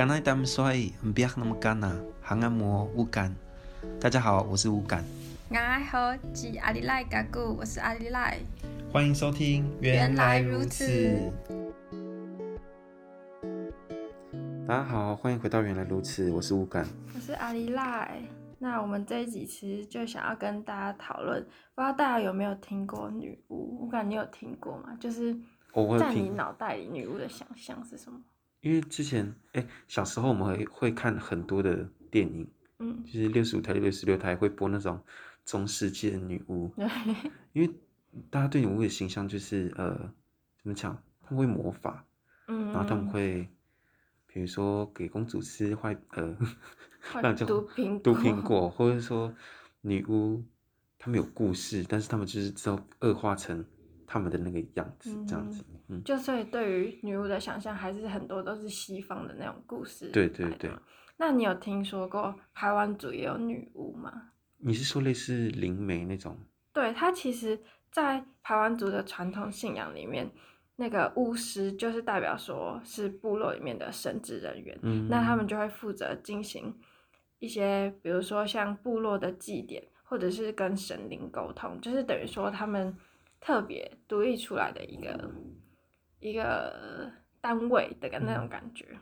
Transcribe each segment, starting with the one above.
剛那麼幹吶，還按摩 Ukan。大家好，我是 Ukan。你，我是 ‘ariray。歡迎收聽《原來如此》。此大家好，歡迎回到《原來如此》，我是 Ukan，我是 ‘ariray。那我們這一集其實就想要跟大家討論，不知道大家有沒有聽過女巫？Ukan，你有聽過嗎？就是在你腦袋裡，女巫的想象是什麼？因為之前，哎、欸，小時候我們還會看很多的電影，嗯，就是六十五台、六十六台會播那種中世紀的女巫，嗯、因為大家對女巫的形象就是，呃，怎麼講？她會魔法，嗯，然後她們會，比如說給公主吃壞呃，壞毒蘋果，毒蘋果，或者說女巫，他們有故事，但是他們就是之後惡化成。他們的那個樣子，嗯、這樣子，嗯，就所以對於女巫的想象，還是很多都是西方的那種故事。對對對，那你有聽說過排灣族也有女巫嗎？你是說類似靈媒那種？對，他其實，在排灣族的傳統信仰裡面，那個巫師就是代表說是部落裡面的神職人員，嗯、那他們就會負責進行一些，比如說像部落的祭典，或者是跟神靈溝通，就是等於說他們。特別獨立出來的一個、嗯、一個單位的個那種感覺，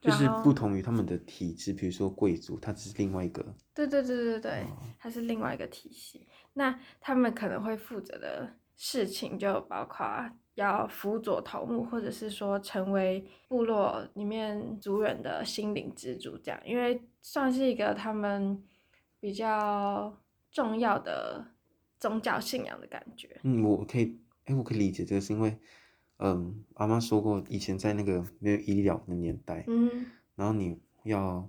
就是不同於他們的體制。比如說貴族，他只是另外一個，對對對對對，他、哦、是另外一個體系。那他們可能會負責的事情就包括要輔佐頭目，或者是說成為部落裡面族人的心靈支柱，這樣，因為算是一個他們比較重要的。宗教信仰的感覺。嗯，我可以，哎、欸，我可以理解這個，就是因為，嗯，媽媽說過，以前在那個沒有醫療的年代，嗯，然後你要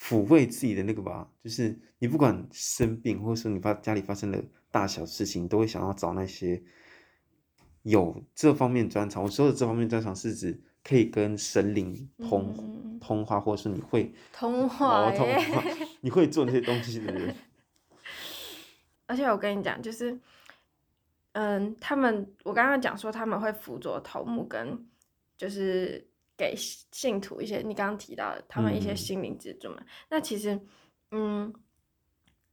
撫慰自己的那個吧，就是你不管生病，或者你發家裡發生了大小事情，都會想要找那些有這方面專長。我說的這方面專長是指可以跟神靈通、嗯、通話，或者你會通話，媽媽通話，你會做那些東西的人。 而且我跟你講，就是，嗯，他們我剛剛講說他們會輔佐頭目，跟就是給信徒一些你剛剛提到的他們一些心靈支柱嘛。嗯、那其實，嗯，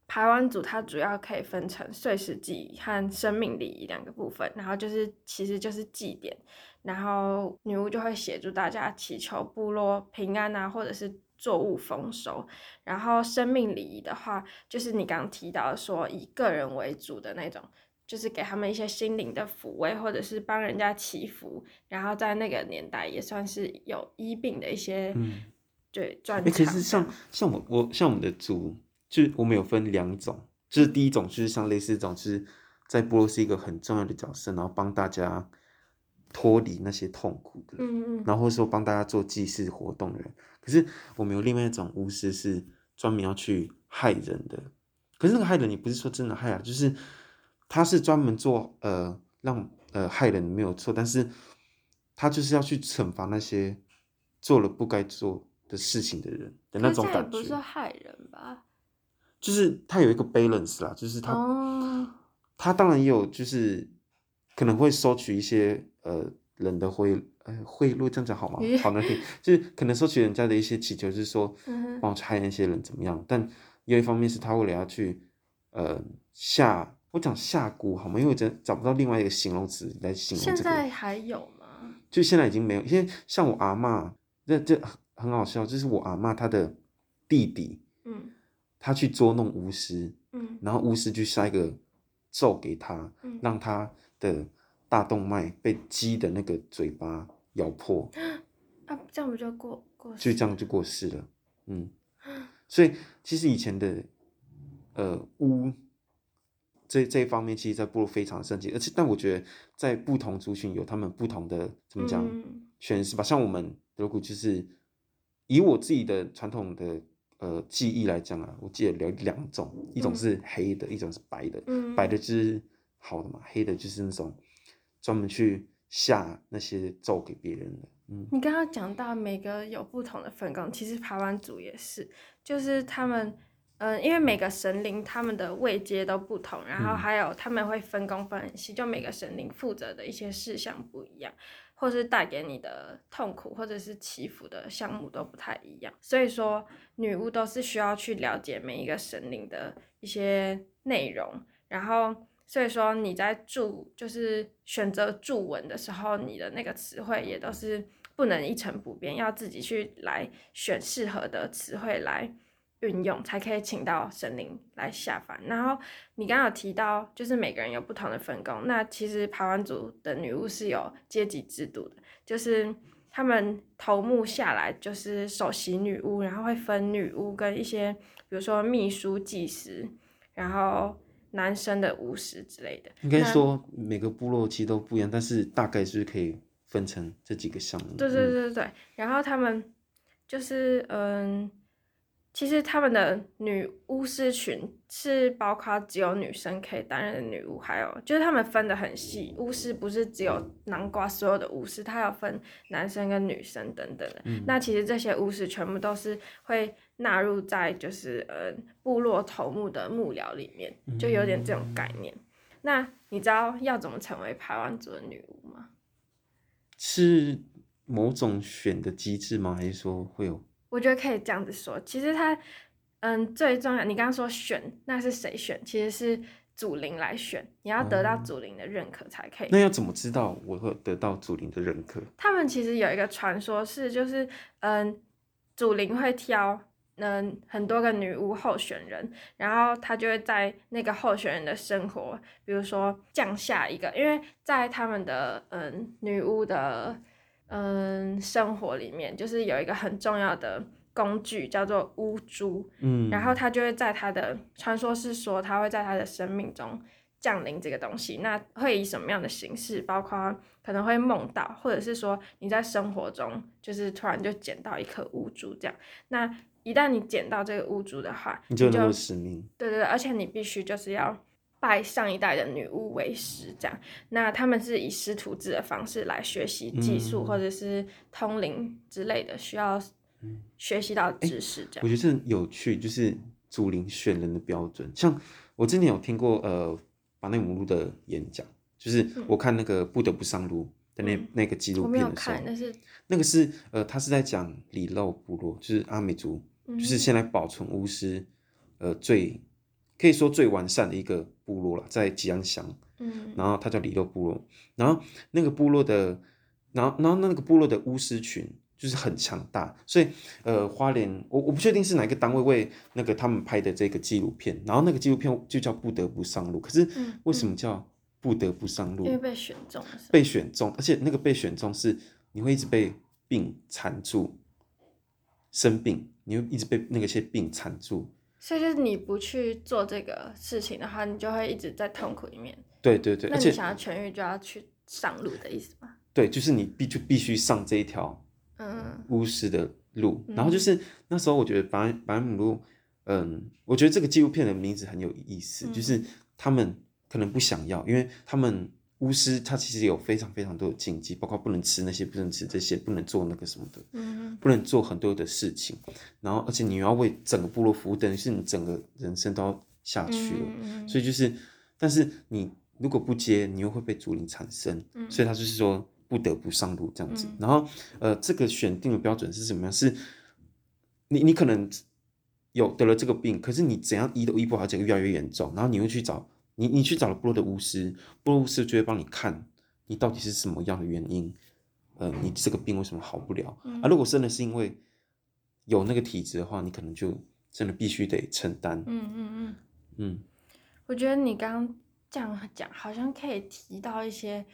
排灣族它主要可以分成歲時祭儀和生命禮儀兩個部分，然後就是其實就是祭典，然後女巫就會協助大家祈求部落平安吶、啊，或者是。作物豐收，然後生命禮儀的話，就是你剛剛提到說以個人為主的那種，就是給他們一些心靈的撫慰，或者是幫人家祈福，然後在那個年代也算是有醫病的一些，嗯，對，專業。尤其是像像我我像我們的族，就是我們有分兩種，就是第一種就是像類似這種，就是在部落是一個很重要的角色，然後幫大家。脫離那些痛苦的，嗯嗯，然後說幫大家做祭祀活動的。可是我們有另外一種巫師是專門要去害人的。可是那個害人，也不是說真的害啊，就是他是專門做呃，讓呃害人沒有錯，但是他就是要去懲罰那些做了不該做的事情的人的那種感覺。這也不是害人吧？就是他有一個 balance 啦，就是他，哦，他當然也有就是可能會收取一些。呃，人的賄呃賄賂，這樣子好嗎？好難聽， 就是可能收取人家的一些祈求，是說幫我害那些人怎麼樣。嗯、哼但有一方面是他為了要去，呃，下我講下蠱好嗎？因為我真找不到另外一個形容詞來形容這個。現在還有嗎？就現在已經沒有，因為像我阿嬤，那這，這很好笑，就是我阿嬤她的弟弟，嗯，他去捉弄巫師，嗯，然後巫師就下一個咒給他，嗯、讓他的。大動脈被雞的那個嘴巴咬破，啊，這樣不就過過？就這樣就過世了，嗯。所以其實以前的呃烏這這一方面，其實在部落非常盛行，而且但我覺得在不同族群有他們不同的怎麼講，嗯，選擇吧。像我們如果就是以我自己的傳統的呃記憶來講啊，我記得有兩種，一種是黑的，一種是白的。嗯，白的就是好的嘛，黑的就是那種。專門去下那些咒給別人的。嗯，你剛剛講到每個有不同的分工，其實排灣族也是，就是他們，嗯，因為每個神靈他們的位階都不同，然後還有他們會分工分很細，就每個神靈負責的一些事項不一樣，或是帶給你的痛苦，或者是祈福的項目都不太一樣。所以說，女巫都是需要去了解每一個神靈的一些內容，然後。所以說你在咒就是選擇咒文的時候，你的那個詞彙也都是不能一成不變，要自己去來選適合的詞彙來運用，才可以請到神靈來下凡。然後你剛剛有提到，就是每個人有不同的分工。那其實排灣族的女巫是有階級制度的，就是他們頭目下來就是首席女巫，然後會分女巫跟一些，比如說秘書、祭司，然後。男生的巫師之類的，應該說每個部落其實都不一樣，他但是大概是可以分成這幾個項目。對對對對對，嗯、然後他們就是嗯。其實他們的女巫師群是包括只有女生可以擔任的女巫，還有就是他們分得很細，巫師不是只有南瓜，所有的巫師他要分男生跟女生等等的。嗯、那其實這些巫師全部都是會納入在就是嗯、呃、部落頭目的幕僚裡面，就有點這種概念。嗯、那你知道要怎麼成為排灣族的女巫嗎？是某種選的機制嗎？還是說會有？我覺得可以這樣子說，其實他，嗯，最重要，你剛剛說選，那是誰選？其實是祖靈來選，你要得到祖靈的認可才可以、嗯。那要怎麼知道我會得到祖靈的認可？他們其實有一個傳說，是就是，嗯，祖靈會挑，嗯，很多個女巫候選人，然後他就會在那個候選人的生活，比如說降下一個，因為在他們的，嗯，女巫的。嗯，生活裡面就是有一個很重要的工具叫做巫珠。嗯，然後他就會在他的傳說是說他會在他的生命中降臨這個東西，那會以什麼樣的形式？包括可能會夢到，或者是說你在生活中就是突然就撿到一顆巫珠這樣。那一旦你撿到這個巫珠的話，你就有使命。對對對，而且你必須就是要。拜上一代的女巫為師，這樣，那他們是以師徒制的方式來學習技術或者是通靈之類的，嗯、需要學習到知識。這樣，欸，我覺得這很有趣，就是祖靈選人的標準。像我之前有聽過，呃，巴奈母路的演講，就是我看那個不得不上路的那，嗯、那個紀錄片的時候，我沒有看，那個是呃，他是在講里漏部落，就是阿美族，嗯，就是現在保存巫師，呃，最。可以說最完善的一個部落了，在吉安鄉。嗯，然後他叫里漏部落，然後那個部落的，然後然後那個部落的巫師群就是很強大，所以呃，花蓮我我不確定是哪一個單位為那個他們拍的這個紀錄片，然後那個紀錄片就叫不得不上路。可是為什麼叫不得不上路？被選中，嗯、被選中，而且那個被選中是你會一直被病纏住，生病，你會一直被那些病纏住。所以就是你不去做這個事情的話，你就會一直在痛苦裡面。對對對。那你想要痊癒而且，就要去上路的意思嗎？對，就是你必就必須上這一條，嗯，巫師的路。嗯、然後就是那時候，我覺得《白白姆路》，嗯，我覺得這個紀錄片的名字很有意思，嗯、就是他們可能不想要，因為他們。巫師他其實有非常非常多的禁忌，包括不能吃那些，不能吃這些，不能做那個什麼的，不能做很多的事情。然後，而且你要為整個部落服務，等於是你整個人生都要下去了。嗯、所以就是，但是你如果不接，你又會被祖靈產生。所以他就是說不得不上路這樣子。嗯、然後，呃，這個選定的標準是什麼樣？是你，你你可能有得了這個病，可是你怎樣醫都醫不好，而且越來越嚴重。然後你又去找。你你去找了部落的巫師，部落巫師就會幫你看，你到底是什麼樣的原因，呃，你這個病為什麼好不了？嗯、啊，如果真的是因為有那個體質的話，你可能就真的必須得承擔。嗯嗯嗯嗯。嗯，我覺得你剛剛這樣講，好像可以提到一些，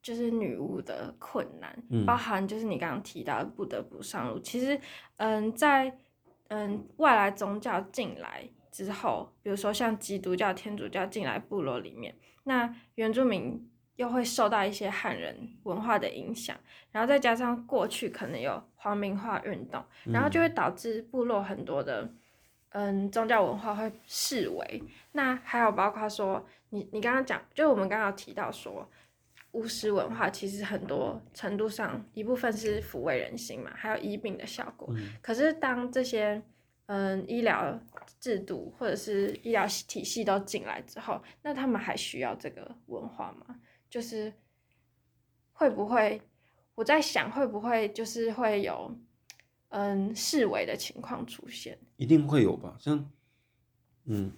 就是女巫的困難，嗯、包含就是你剛剛提到的不得不上路。其實，嗯，在嗯外來宗教進來。之後，比如說像基督教、天主教進來部落裡面，那原住民又會受到一些漢人文化的影響，然後再加上過去可能有皇民化運動，然後就會導致部落很多的嗯，嗯宗教文化會式微。那還有包括說，你你剛剛講，就我們剛剛提到說，巫師文化其實很多程度上一部分是撫慰人心嘛，還有醫病的效果。嗯，可是當這些嗯，醫療制度或者是醫療體系都進來之後，那他們還需要這個文化嗎？就是會不會我在想，會不會就是會有嗯，式微的情況出現？一定會有吧。像嗯，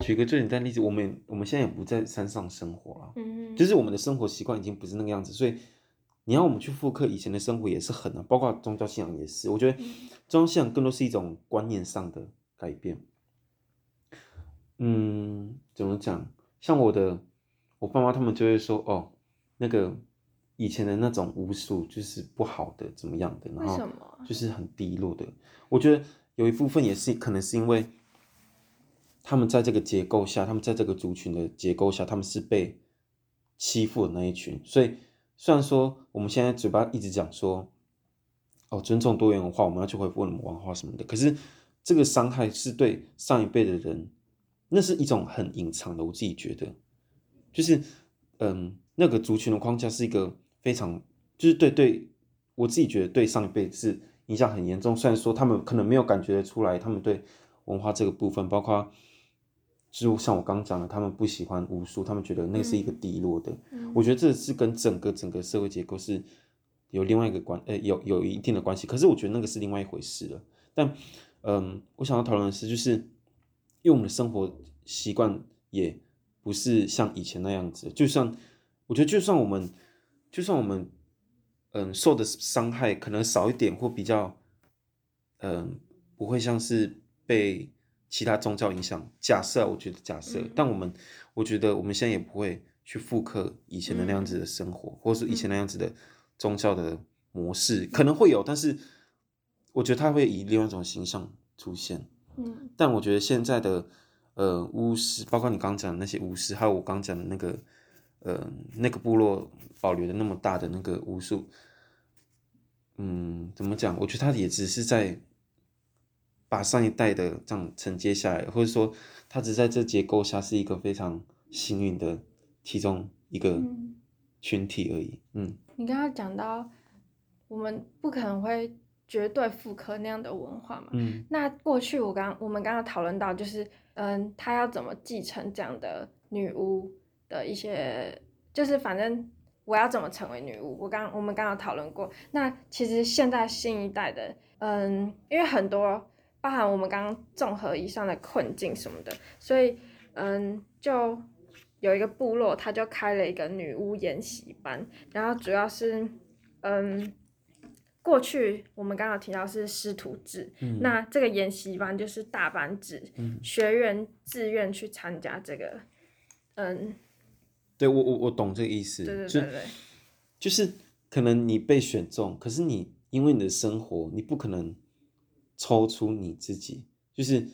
舉個最簡單的例子，我們我們現在也不在山上生活了，啊，嗯哼，就是我們的生活習慣已經不是那個樣子，所以。你要我們去複刻以前的生活也是很難啊，包括宗教信仰也是。我覺得宗教信仰更多是一種觀念上的改變。嗯，怎麼講？像我的我爸媽他們就會說：“哦，那個以前的那種巫術就是不好的，怎麼樣的？”然後就是很低落的。我覺得有一部分也是可能是因為他們在這個結構下，他們在這個族群的結構下，他們是被欺負的那一群，所以。雖然說我們現在嘴巴一直講說，哦，尊重多元文化，我們要去恢復我們文化什麼的，可是這個傷害是對上一輩的人，那是一種很隱藏的。我自己覺得，就是，嗯，那個族群的框架是一個非常，就是對對，我自己覺得對上一輩是影響很嚴重。雖然說他們可能沒有感覺得出來，他們對文化這個部分，包括。就像我剛剛講的，他們不喜歡巫術，他們覺得那是一個低落的。嗯嗯，我覺得這是跟整個整個社會結構是有另外一個關，呃，有有一定的關係。可是我覺得那個是另外一回事了。但，嗯，我想要討論的是，就是因為我們的生活習慣也不是像以前那樣子。就算我覺得，就算我們，就算我們，嗯，受的傷害可能少一點或比較，嗯，不會像是被。其他宗教影響，假設我覺得假設，嗯、但我們我覺得我們現在也不會去復刻以前的那樣子的生活，嗯、或者是以前那樣子的宗教的模式，嗯、可能會有，但是我覺得他會以另外一種形象出現。嗯，但我覺得現在的呃巫師，包括你剛講的那些巫師，還有我剛講的那個呃那個部落保留的那麼大的那個巫術，嗯，怎麼講？我覺得他也只是在。把上一代的這樣承接下來，或者說他只在這結構下是一個非常幸運的其中一個群體而已。嗯，嗯，你剛剛講到我們不可能會絕對複刻那樣的文化嘛。嗯，那過去我剛我們剛剛討論到就是，嗯，他要怎麼繼承這樣的女巫的一些，就是反正我要怎麼成為女巫？我剛我們剛剛討論過。那其實現在新一代的，嗯，因為很多，包含我們剛剛綜合以上的困境什麼的，所以嗯，就有一個部落，他就開了一個女巫研習班，然後主要是嗯，過去我們剛剛提到是師徒制，嗯、那這個研習班就是大班制，嗯、學員自願去參加這個，嗯，對我我我懂這個意思，對對對對，就，就是可能你被選中，可是你因為你的生活，你不可能。抽出你自己，就是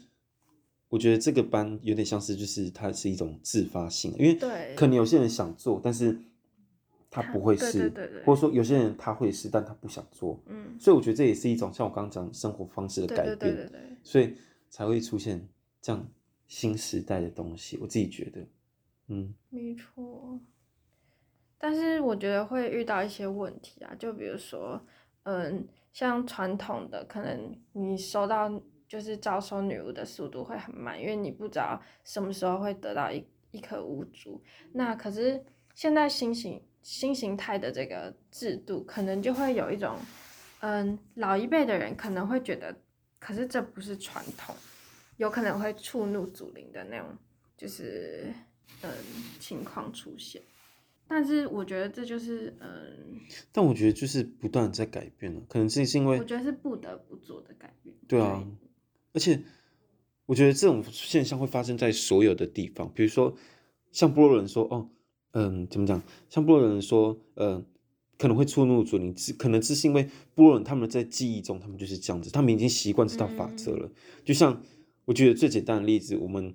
我覺得這個班有點像是，就是它是一種自發性，因為可能有些人想做，但是他不會是，對對對對對，或者說有些人他會是，但他不想做。嗯，所以我覺得這也是一種像我剛剛講生活方式的改變，對對對對對，所以才會出現這樣新時代的東西。我自己覺得，嗯，沒錯。但是我覺得會遇到一些問題啊，就比如說，嗯、呃。像傳統的，可能你收到就是招收女巫的速度會很慢，因為你不知道什麼時候會得到一一顆巫珠。那可是現在新型新形態的這個制度，可能就會有一種，嗯，老一輩的人可能會覺得，可是這不是傳統，有可能會觸怒祖靈的那種，就是嗯情況出現。但是我覺得這就是嗯，呃、但我覺得就是不斷在改變了，可能這是因為我覺得是不得不做的改變。對啊，對，而且我覺得這種現象會發生在所有的地方，比如說像部落人說哦，嗯、呃，怎麼講？像部落人說，嗯、呃，可能會觸怒祖靈，可能只是因為部落人他們在記憶中，他們就是這樣子，他們已經習慣這套法則了。嗯、就像我覺得最簡單的例子，我們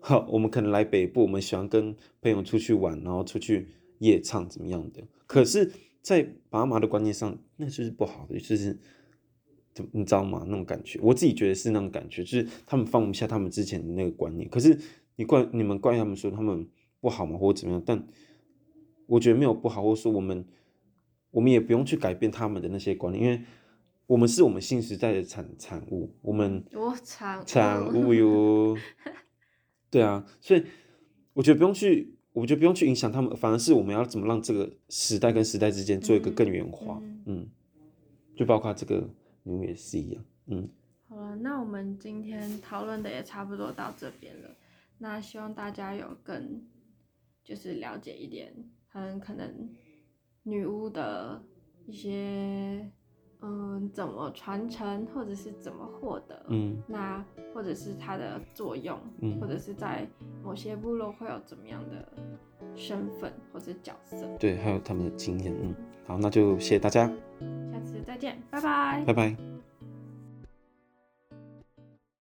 好，我們可能來北部，我們喜歡跟朋友出去玩，然後出去。夜唱怎麼樣的？可是，在爸媽的觀念上，那就是不好的，就是怎你知道嗎？那種感覺，我自己覺得是那種感覺，就是他們放不下他們之前的那個觀念。可是你怪你們怪他們說他們不好嗎？或者怎麼樣？但我覺得沒有不好，或者說我們我們也不用去改變他們的那些觀念，因為我們是我們新時代的產產物，我們我產長產物喲。 對啊，所以我覺得不用去。我們覺得不用去影響他們，反而是我們要怎麼讓這個時代跟時代之間做一個更圓滑。嗯，嗯，嗯，就包括這個女巫也是一樣。嗯，好了，那我們今天討論的也差不多到這邊了。那希望大家有更就是了解一點，很可能女巫的一些。嗯，怎麼傳承，或者是怎麼獲得？嗯，那或者是它的作用，嗯，或者是在某些部落會有怎麼樣的身份或是角色？對，還有他們的經驗。嗯，好，那就謝謝大家，下次再見，拜拜，拜拜。